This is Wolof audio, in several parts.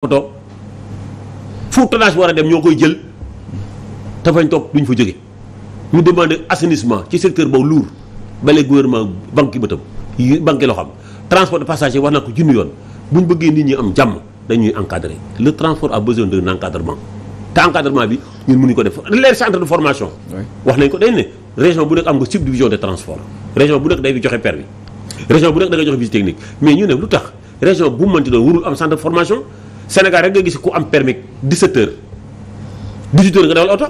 oto fu tonnage war a dem ñoo koy jël te fañ toog duñ fa jóge ñu demandé assainissement ci secteur boobu lourd bale gouvernement banque bëtam banque loo xam transport de passager wax na ko junni yoon buñ bëggee nit ñi am jàmm dañuy encadrer le transport a besoin d'un encadrement te encadrement bi ñu ñun mënuñ ko def les centres de formation wax nañ ko dañ ne région bu nekk am nga subdivision de transport région bu nekk day fi joxe permis région bu nekk da nga joxe visite technique mais ñu ne lu tax région bu mënti doon warul am formation Sénégal rek nga gis ku am permis 17 heures nga dawal oto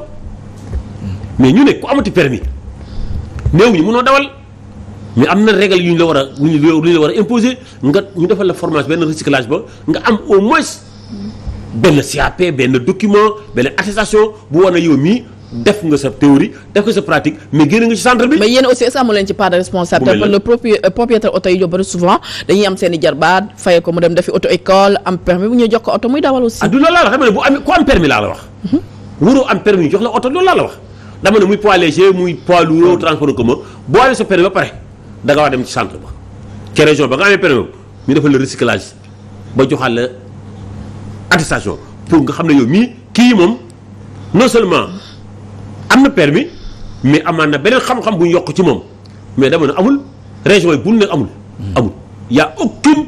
mais ñu ne ku amati permis néew ñu mënoo dawal mais am na règle yu ñu la war a lu ñu la war a imposer nga ñu defal la formage benn recyclage ba nga am au moins benn CAP benn document benn attestation bu war na yow mii def nga sa théorie def nga sa pratique mais génn nga ci centre bi. mais yéen aussi est-ce que amu leen ci part de responsabilité. le euh, propriétaire oto yi yóbbu souvent dañuy am seen i jarbaat fayee ko mu dem defi auto école am permis bu ñuy jox ko oto muy dawal aussi. loolu laa la wax. dama ne muy poids léger muy poids lourd mhm. transport en commun boo amee sa permis ba pare da nga dem centre ba. ca région ba nga amee permis ñu defal recyclage la attestation pour nga xam ne yow mii kii moom non seulement. am na permis mais amaan na beneen xam-xam bu ñu yokk ci moom mais dama amul région yi bu ne amul. amul y' a aucune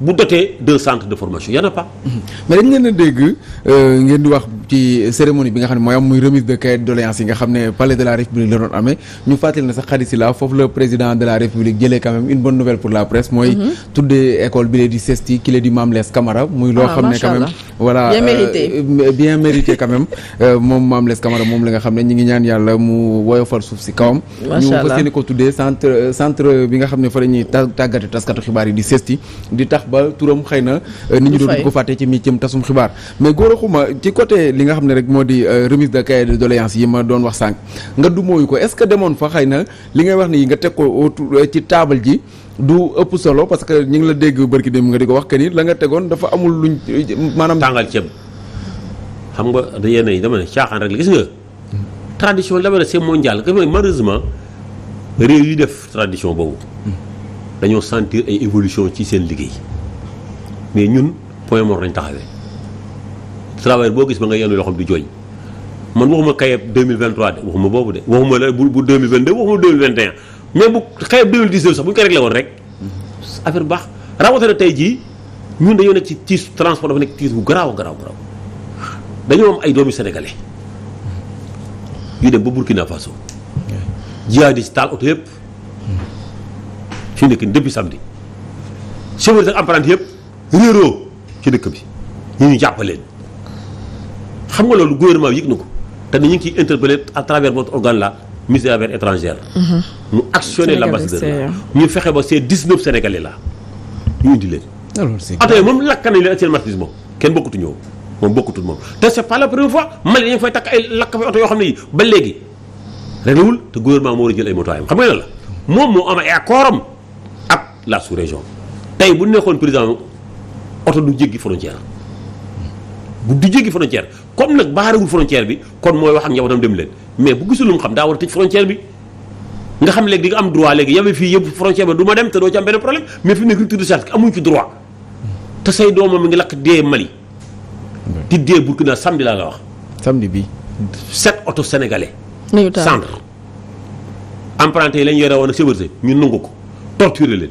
bu dotee de centre de a pas. mais dañ leen a dégg euh, ngeen di wax ci cérémonie bi nga xam ne mooy am muy remise de cahier de doléances yi nga xam ne palais de la république la doon amee ñu fàttali na sax xarit la foofu la président de la république jëlee quand même une bonne nouvelle pour la presse mooy mhm. tuddee école bi lee di sesti ki lee di Mame Less Camara muy loo ah, xam ne quand même voilà bien euh, mérité euh, bien mérité quand même moom Mame Less Camara moom la nga xam ne ñu ngi ñaan yàlla mu al suuf si kawam ñu fas yéene ko tuddee centre centre bi nga xam ne fa la ñuy tàggate taskatu xibaar yi di di tax ba turam xëy na ni ñu doon ko fàtte ci mi cim tasum xibaar mais Gora Khouma ci côté li nga xam ne rek moo di euh, remise de cahier de doléances yi ma doon wax sànq nga du mooyu ko est-ce que demoon fa xëy na li ngay wax ni nga teg ko euh, ci taabal ji du ëpp solo parce que ñu ngi la dégg bërki dem nga di ko wax que ni la nga tegoon dafa amul luñ euh, maanaam tàngal ceeb xam nga da yenn yi dama ne caaxaan rek gis nga tradition dama ne c'est mondial que malheureusement réew yi def tradition boobu dañoo évolution ci seen liggéey mais ñun point mort lañ taxawee travailleur boo gis ba nga yenn loxoom di jooy man waxuma kayeb 2023 de waxuma boobu de waxuma la bu bu 2022 waxuma 2021 mais bu kayeb 2019 sax bu ñu ko réglé woon rek affaire bu baax rawatina tey jii ñun dañoo nekk ci tiis transport dafa nekk tiis bu garaaw garaaw garaaw dañoo am ay doomi sénégalais yu dem ba Burkina Faso jihadiste taal oto yëpp fi nekk depuis samedi chauffeur ak apprenti yëpp. réeroo ci dëkk bi ñu ñu jàppaleen xam nga loolu gouvernement yëg na ko te ni ñu ngi ciy interpellé à travers votre organe là ministère des affaires étrangères. mu mhm. actionné l'ambassadeur ñu fexe ba ces 19 sénégalais là ñu indi leen. alors c'est atay moom lakk nañ leen ak seen marxisme moom kenn bokkutu ñëw moom bokkutul moom te c'est pas la première fois Mali dañu fay takk ay lakk fay oto yoo xam ne yi ba léegi réglé wul te gouvernement moo war a jël ay motuwaayam xam nga lan la moom moo am ak oto du jéggi frontière bu du jéggi frontière comme nag baarewul frontière bi kon mooy wax ak njabootam dem leen mais bu gisul lu mu xam daa war a tëj frontière bi nga xam léegi di nga am droit léegi yawe fii yëpp frontière bi du dem te am benn problème mais fi mu nekk rupture de charge amuñ ci droit te say doomam mi ngi lakk dee Mali di dee Burkina samedi laa la wax samedi bi set oto sénégalais centre emprunté yi lañ yore woon ak sécurité ñu nangu ko torturer leen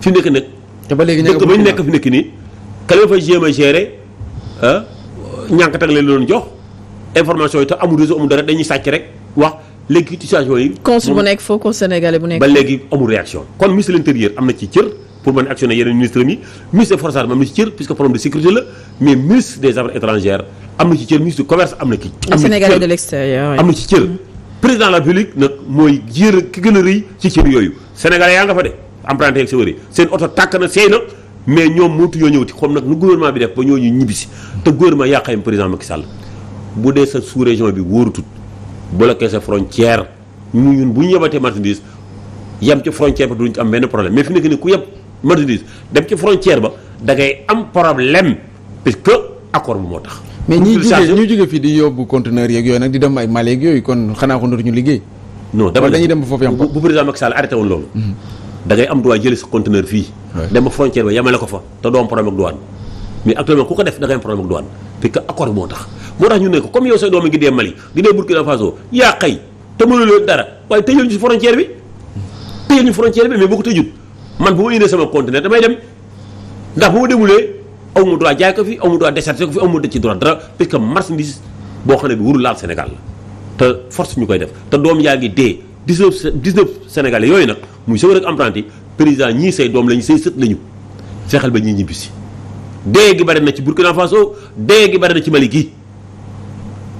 fi mu nekk nag ba ñu nekk fi nekk nii ka leen fa jéem a gérer ah leen doon jox information yi te amul réseau amul dara dañuy sàcc rek wax léegi situation yi. consul bu nekk foofu sénégalais nekk. ba léegi amul réaction kon ministre de l'intérieur am na ci cër pour ci cër puisque problème de sécurité la mais ministre des affaires étrangères am na ci cër ministre du commerce am na ci. am na ci sénégalais de l'extérieur am na mooy jër ki gën a rëy ci cër yooyu sénégalais yaa nga fa de emprunté ak sa seen oto tàkk na seey na. mais ñoom mootu ñëw ñëwati xoom nag nu gouvernement bi def ba ñooñu ñibbisi te gouvernement yaa xam président Macky Sall bu dee sa sous région bi wóorutut bloqué sa frontière ñu ñun bu ñu yebatee marchandise yem ci frontière ba duñ ci am benn problème mais fi nekk nii ku yeb marchandise dem ci frontière ba da ngay am problème parce que accord bi moo tax. mais ñi jóge ñi jóge fii di yóbbu conteneur yeeg yooyu nag di dem ay mal yeeg yooyu kon xanaa ko ndootuñu liggéey. non dama dañuy dem ba foofu yam bu président Macky Sall dangay am droit jële sa conteneur fii. dem ba frontière ba yemale ko fa te doo am problème ak douane mais actuellement ku ko def da ngay am problème ak douane parce que accord moo te mënuloo waaye tëjal ñu si frontière bi tëjal ñu frontière bi mais boo ko sama conteneur damay dem ndax bu ma demulee aw ma droit jaay ko fi aw ma droit déserté ko fi aw ma dëcc dara parce que marchandise boo xam ne bi warul laal Sénégal la te force ñu koy def te doom yaa ngi dee. 19 19 Sénégalais yooyu nag muy chauffeur ak apprenti président ñii say doom lañu say sët lañu fexeel ba ñii ñibbisi dee gi bari na ci Burkina Faso dee gi bari na ci Mali gi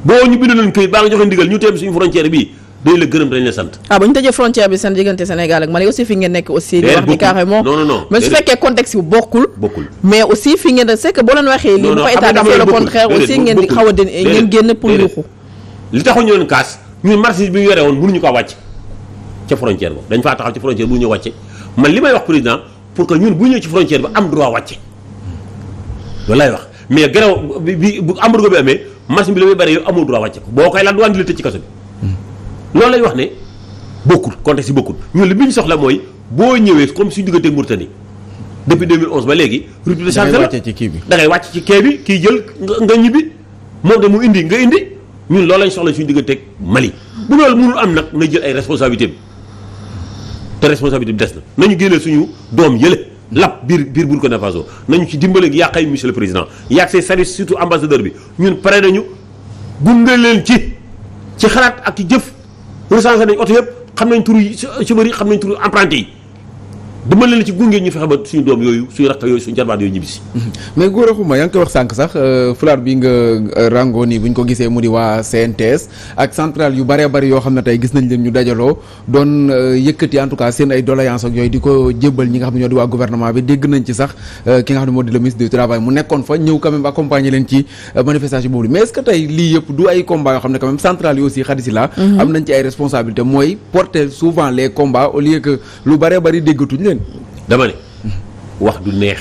boo ñu bind leen këyit baa nga joxe ndigal ñu teem suñu frontière bii dañ la gërëm dañ la sant. ah ba ñu tëjee frontière bi seen diggante Sénégal ak Mali aussi fi ngeen nekk aussi. li wax ni carrément non non non mais su fekkee contexte bi bokkul. mais aussi fi a ngeen génn pour yuuxu. ca frontière ba dañ faa taxaw ci frontière bu ñëw wàcce man li may wax président pour que ñun bu ñëw ci frontière ba am droit wàcce loolu lay wax mais grève bi bu am bi amee marché bi bëri yow amoo droit wàcce boo koy laal duwaan di la tëj ci kaso bi loolu lañ wax ne bokkul contexte si bokkut ñun li bi soxla mooy boo ñëwee comme suñu diggante Mauritanie depuis 2011 ba léegi rupture de change la da ngay wàcc ci kii bi kii jël nga ñibbi moom de mu indi nga indi ñun loolu lañ soxla suñu diggante Mali bu am nag na jël ay responsabilité bi te responsabilité bi des na nañu génnee suñu doom yële lap biir biir Burkina Faso nañu ci dimbaleeg yàqay monsieur le président yàq say service surtout ambassadeur bi ñun pare nañu gunge leen ci ci xalaat ak ci jëf recensé nañ oto yëpp xam nañ turu chauffeur yi xam nañ turu emprunté yi dama leen ci gunge ñu fexe ba suñu doom yooyu suñu rakk yooyu suñu jarbaat yooyu ñibbisi mais Gora Khouma yaa ngi koy wax sànq sax euh, fulaar bi nga euh, rango nii bu ko gisee mu di waa CNTS ak centrale yu bëree bëri euh, yi mhm. déggatuñ leen dama ne wax du neex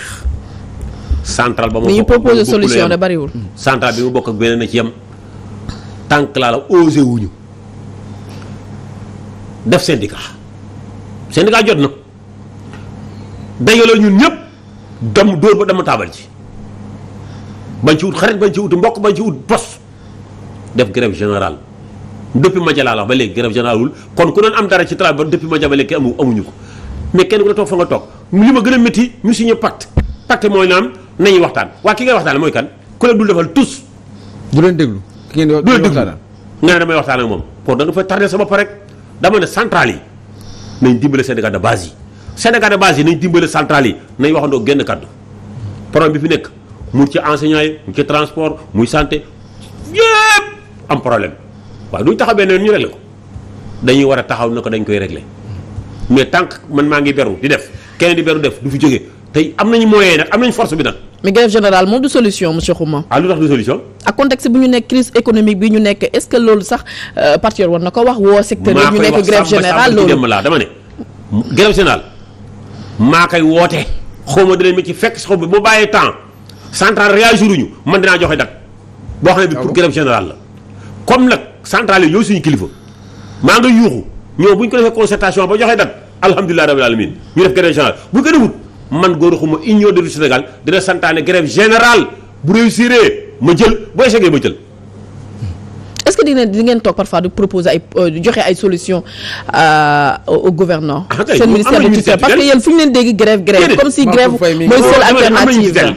central ba ma bokk proposé solution da bariwul central bi ma bokk ak beneen na ci yam tànk laa la osé wuñu def syndicat syndicat jot na la ñun ñëpp dam dóor ba dama taabal ji bañ ci wut xarit bañ ci wut mbokk bañ ci wut pos def grève générale depuis ma jalaa la ba léegi grève générale wul kon ku doon am dara ci travail ba depuis ma ja ba léegi amuñu ko mais kenn ku ne toog fa nga toog li ma gën a métti ñu signé pacte pacte mooy naam nañuy waxtaan waa ki ngay waxtaan mooy kan ku la dul defal tous. du leen déglu ki ngeen di waxtaan nga ne damay waxtaan ak moom pour da nga fay tardé sama pare rek dama ne centrale yi nañ dimbale syndicat de base yi syndicat base yi nañ dimbale centrale yi nañ waxandoo génn kaddu problème bi fi nekk mu ci enseignant yi mu ci transport muy santé yëpp am problème waaye duñ taxaw benn ñu réglé ko dañuy war a taxaw na ko dañ koy réglé. mais tant man maa ngi beru di def keneen di beru def du fi jógee tey am nañu moyen nag am nañu force bi nag. mais grève générale moom du solution monsieur Xuma. ah lu tax du solution. ak contexte bu ñu nekk crise économique bi ñu nekk est-ce que loolu sax euh, parti war na ko wax woo. secteur yi ñu nekk grève générale loolu maa dama ne. maa koy woote xaw ma dinañ ma ci fekk xaw ma boo bàyyee temps central réagir ñu man dinaa joxe date boo xam bi ah pour grève la comme nag central yi suñu kilifa maa ngi yuuxu ñoo bu ñu ko defee concertation ba joxee dat alhamdulilah rabbil alamin ñu def grève générale bu ko defut man Gora Khouma union de Sénégal dina santaane grève générale bu réussir ma jël bu échoué ma jël. est-ce que dina di ngeen toog parfois di proposer ay euh, joxe ay solution euh, au gouverneur. Ah, seen ministère de tutelle parce que yéen fu ñu leen dégg grève grève comme si grève mooy seule alternative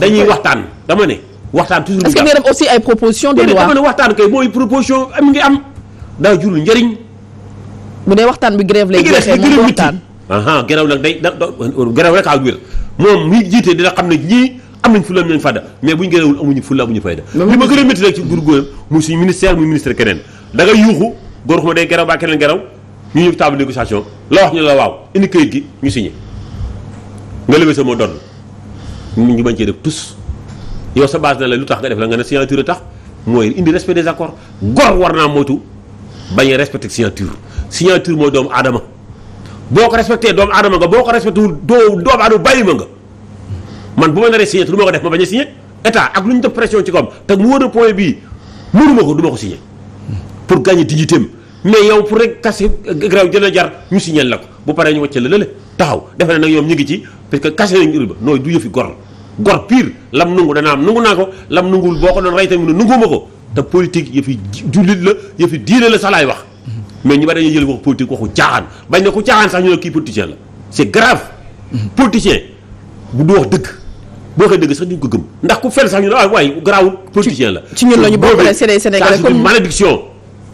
dañuy waxtaan dama ne. waxtaan toujours est-ce que bu dee waxtaan bi grève lay jeexee moom waxtaan aha grève nag day a wér moom mi jiite dina xam ne ñii am nañ fulla am nañ fayda mais buñ grèvewul amuñu fulla amuñu fayda li ma gën a métti rek ci gurgóoram muy suñu ministère muy ministre keneen da ngay yuuxu góor xuma day grève baa keneen grève ñu ñëw table négociation la wax ñu la waaw indi këyit gi ñu signé nga lebe sa moo doon ñu bañ cee def tous yow sa base na la lu tax nga def la nga ne signature tax mooy indi respect des accords gor war naa moytu bañ a signature mooy doomu aadama boo ko respecté doomu aadama nga boo ko respecté wul doo doomu aadama bàyyi ma nga man bu ma naree signé lu ma ko def ma bañ a signé état ak lu ñu def pression ci kawam te mu wóor a point bii mënu ma ko du ma ko signé pour gagner dignité am mais yow pour rek kase graw jëna jar ñu signé la ko bu paree ñu wàcce la lële taxaw defe na nag ñoom ñu ngi ci parce que kase nañ uri ba nooy du yëfi gor gor pire lam nungu dana am nungu naa ko lam nunguwul boo ko doon rey tamit ne nunguuma ko te politique yëfi jullit la yëfi diine la sax laay wax mais ñu bari dañuy jël wax politique waxu caaxaan bañ na ko caaxaan sax ñu ne kii politicien la c'est grave. Mhm. politicien bu du wax dëgg boo waxee dëgg sax duñ ko ndax ku fen sax ñu ne waaye ah waaye garaawul politicien la. ci ñun la ñu bokk rek Sénégalais comme malédiction.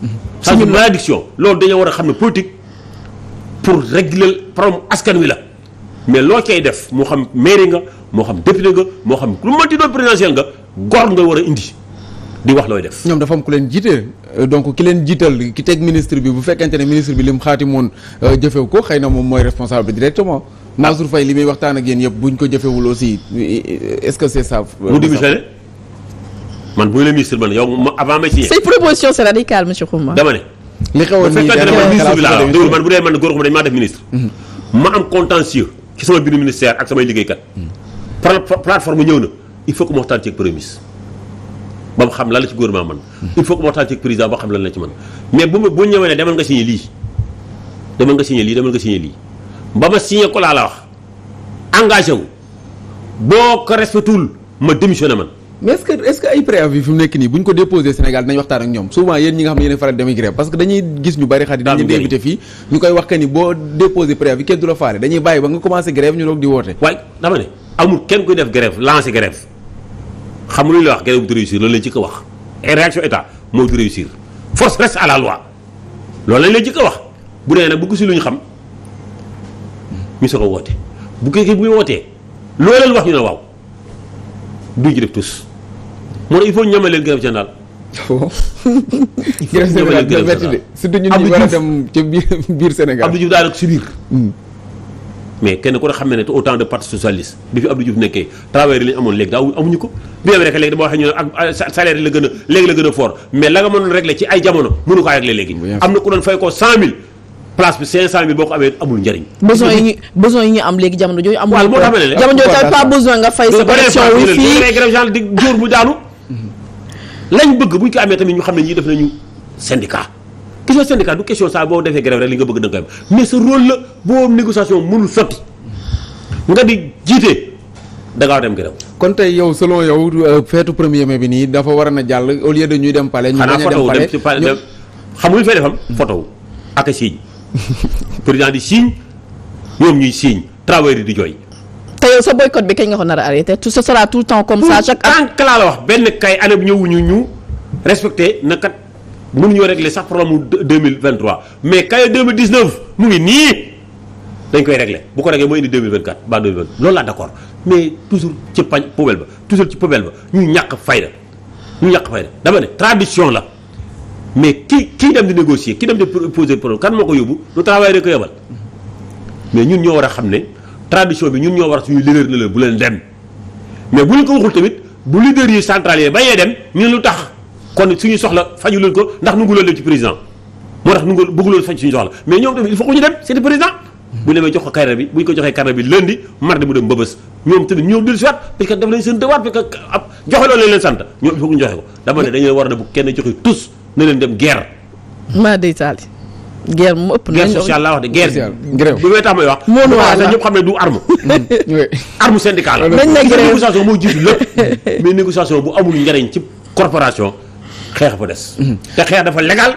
Mhm. ci ñun malédiction loolu dañoo war a xam ne politique pour régler problème askan wi la. mais loo cay def moo xam mairie nga moo xam député nga moo xam lu mënti doon présidentiel nga gor nga war a indi. di wax looy def. ñoom dafa am ku leen jiite euh, donc ki leen jiital ki teg ministre bi bu fekkente ne ministre bi li lim xaati moon euh, jëfew ko xëy na moom mooy responsable bi directement. Ah. Mansour Faye li muy waxtaan ak yéen yëpp buñ ko jëfewul aussi euh, est-ce que c'est ça. mu démissionné man bu la ministre man yow avant ma ci. say proposition c'est radical monsieur ne. bi laa déglu man bu dee man góor xuma dañ maa def ministre. Mm-hmm. ma am contentieux ci sama biir ministère ak samay liggéeykat. Mm-hmm. par plateforme ñëw na il faut que ma waxtaan ci ba mu xam lan la ci gouvernement man il faut que mu waxtaan ci président ba xam lan la ci man mais bu ma bu ñëwee ne demal nga signé lii demal nga signé lii ba ma signé ko laa la wax engagé wu boo ko respectul ma démissionné man. mais que est-ce que ay préavis fi mu nekk nii bu ñu ko déposé Sénégal dinañ waxtaan ak ñoom souvent yéen ñi nga xam ne yéen faral demee grève parce que dañuy gis ñu bari xarit dañuy invité kenn du la faale dañuy bàyyi ba nga commencé grève ñu doog di woote waaye dama xam nga lu ñuy wax grève du réussir loolu la ci ko wax et réaction état mooy du réussir force reste à la loolu lañ leen jëkk a wax bu nee nag bu gisul lu ñu xam ñu soog a woote bu kii bu wootee loolu leen wax ñu ne waaw duñ ci def tous moo tax il faut ñamal leen grève générale. waaw grève générale de métti de surtout ñun a dem biir biir Sénégal Abdou Diouf daanaka mais kenn ku ne xam ne ne au temps de parti socialiste bi fi Abdou Diouf nekkee travailleurs yi la amoon léegi daaw amuñu ko bien vrai que léegi dama waxee ñu ne ak salaire la gën a léegi la gën a fort mais la nga mënoon régler ci ay jamono mënu kaa ko amee amul njëriñ besoin yi ñu besoin yi am léegi jamono jooju amul moo tax ma ne jamono jooju t'as pas besoin nga bu daanu mhm. ko amee tamit ñu xam ne ñii def nañu syndicat question syndicat du question saa boo defee grève rek li nga bëgg da nga koy mais sa rôle la boo négociation mënul sotti nga di jiite da dem grève. kon tey yow selon yow euh, feetu premier mai bi nii dafa war na jàll au lieu de ñuy dem palais. ñu bañ a dem palais xanaa dem xam defam. photo ak a signe président di signe ñoom ñuy signe travailleurs yi di jooy. te yow sa boycott bi kañ nga ko nar a arrêté tout ce sera tout le temps comme ça. chaque tant que laa la wax benn kay année ñëwuñu ñu respecté na mënuñoo régler sax problème mu deux mille vingt trois mais kaye deux mille dix mu ngi nii dañ koy régler bu ko régler mooy indi de mille vingt quatre ba deux mille vingt loolu laa d'accord mais toujours ba toujours ci poubelle ñu ñàkk fayda ñu ñàkk fayda dama ne tradition la mais ki kii dem di négocier ki dem di poser problème kan moo ko yóbbu lu travail rek ko yebal mais ñun ñoo war a xam ne tradition bi ñun ñoo war a suñu leader ne la bu leen dem mais bu ñu ko waxul tamit bu leader yi central yi bayee dem ñun lu tax. kon suñu soxla faju leen ko ndax nungu loolu leen ci président moo tax nungu bëggu loolu faj mais ñoom tamit il faut que ñu dem seeti président bu demee jox ko carnet bi bu ñu ko joxee carnet bi lundi mardi mu dem mbëbës ñoom tamit ñëw dellu si waat parce ñu joxe ko dama ne dañu war na bu kenn joxe tous na leen dem guerre maa day taali guerre mu ëpp guerre sociale laa wax de guerre bi may tax may wax moom waa la ñëpp xam ne du arme arme négociation moo jiitu lépp mais négociation bu amul njariñ ci corporation xeex fa des. te xeex dafa légal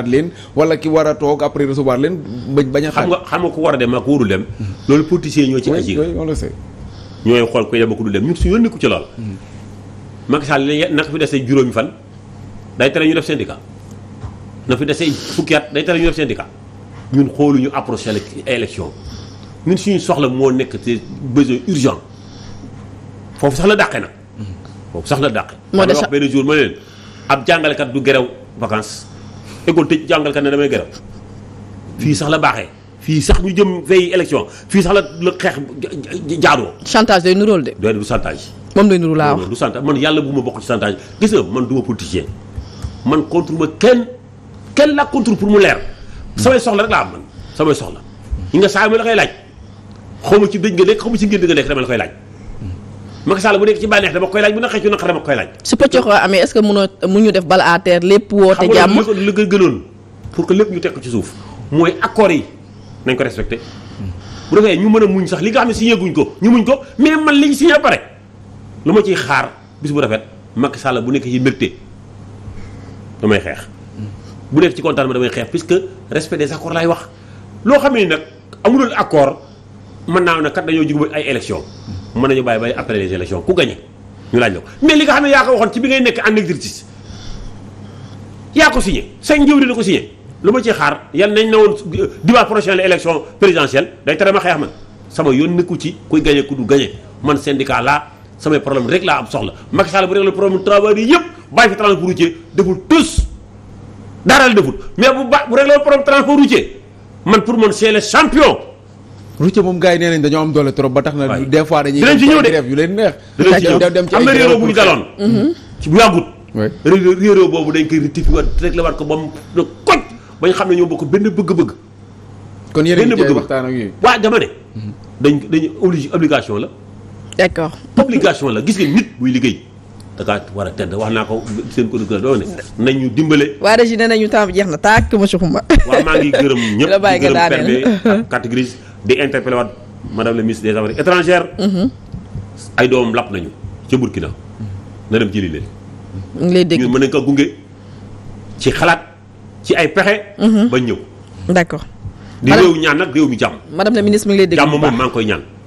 xaar leen wala ki war a toog après recevoir leen bañ bañ a xaar xam nga xam nga ku war a dem ak wóorul dem loolu politiciens ñoo ci agir on le sait ñooy xool koy dem ak du dem ñun suñu yoon nekku ci lool mm-hmm. Macky Sall naka fi desee juróomi fan day tere ñu def syndicat na fi desee fukki at day tere ñu def syndicat ñun xooluñu approché élection ñun suñu soxla moo nekk ci besoin urgent foofu sax la dàqe nag mm-hmm. foofu sax la dàqe moo des wax benn jour ma leen ab jàngalekat du gerew vacances école tëj jàngalkat ne damay gërëm fii sax la baaxee fii sax ñu jëm veille élection fii sax la la xeex jaadoo chantage day nuróol de. doy du chantage. moom day nuru laa wax du chantage man yàlla bu ma bokk ci chantage gis nga man du ma politicien man contre ma kenn kenn la contre pour mu leer. samay soxla rek laa am man samay soxla. yi nga saa ma la koy laaj xaw ma ci dëj nga nekk xaw ci ngénte nga nekk dama la koy laaj. Macky Sall bu nekk ci bànneex dama koy laaj bu naqaree ci naqar dama koy laaj. su pëccoxoo amee est-ce que mënoo mu ñu def bal à terre lépp woote jàmm xam nga gënoon pour que lépp ñu teg ci suuf mooy accords yi nañ ko respecté bu defee ñu mën a muñ sax li nga xam ne si guñ ko ñu muñ ko mais man li ñu signé pare lu ma ciy xaar bis bu rafet Macky Sall bu nekk ci mbégte damay xeex. bu nekk ci kontaan ma damay xeex puisque respect des accords laay wax loo xam ne nag amulul accord mën naa ne kat dañoo jug ay élection mën nañu bàyyi bay après les élections ku gagné ñu laaj la ko mais li nga xam ne yaa ko waxoon ci bi ngay nekk en exercice yaa ko signé sa njëwri la ko signé lu ma ci xaar yan nañ ne woon dimanche prochain la élection présidentielle day tere ma xeex man sama yoon nekku ci kuy gagné ku du gagné man syndicat laa samay problème rek laa am soxla Macky Sall bu réglé problème travail yi yëpp bàyyi fi transport routier deful tous dara la deful mais bu ba bu réglé problème transport routier man pour man c'est le champion routier moom gars yi nee nañ dañoo am doole trop ba tax na des fois dañuy dinañ ci de yu leen ñu mm-hmm. boobu dañ koy rectifier waat réglé ko ba ba xam ne ñoo bokk benn bëgg-bëgg kon yéen a ngi ci waxtaan waa dama dañ dañu obligé obligation la d'accord obligation la gis nga nit buy liggéey dakaa war a tedd wax naa ko seen chroniqueur doo ne nañu dimbale waa régi ne nañu temps jeex na tàkk monsieur Xumba waaw maa ngi gërëm ñëpp la bàyyi nga daaneel di interpellé waat madame la ministre des affaires étrangères. Mm-hmm. ay doomam lapp nañu ca Burkina. na dem jëli leen. ngi lay dégg ñu mën nañu ko gunge ci xalaat ci ay pexe. Mm-hmm. ba ñëw. d'accord. di réew ñaan nag réew mi jàmm. madame la ministre mi ngi lay dégg jàmm moom maa ngi koy ñaan.